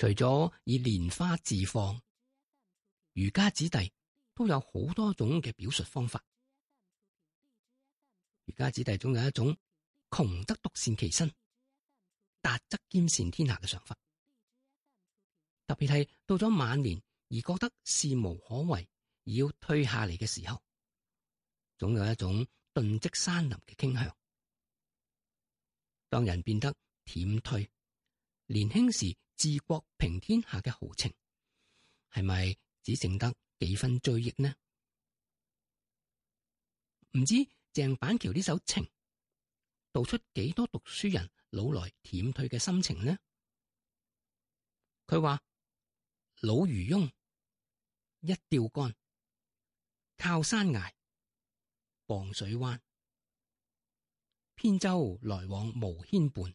除咗以蓮花自放，儒家子弟都有好多種嘅表述方法。儒家子弟總有一種窮則獨善其身，達則兼善天下嘅想法。特別係到咗晚年而覺得事無可為，要退下嚟嘅時候，總有一種遁跡山林嘅傾向。當人變得恬退，年輕時。治國平天下嘅豪情，係咪只剩得幾分追憶呢？唔知鄭板橋呢首情道出幾多讀書人老來恬退嘅心情呢？佢話老漁翁，一釣竿，靠山崖，傍水灣，扁舟來往無牽絆。」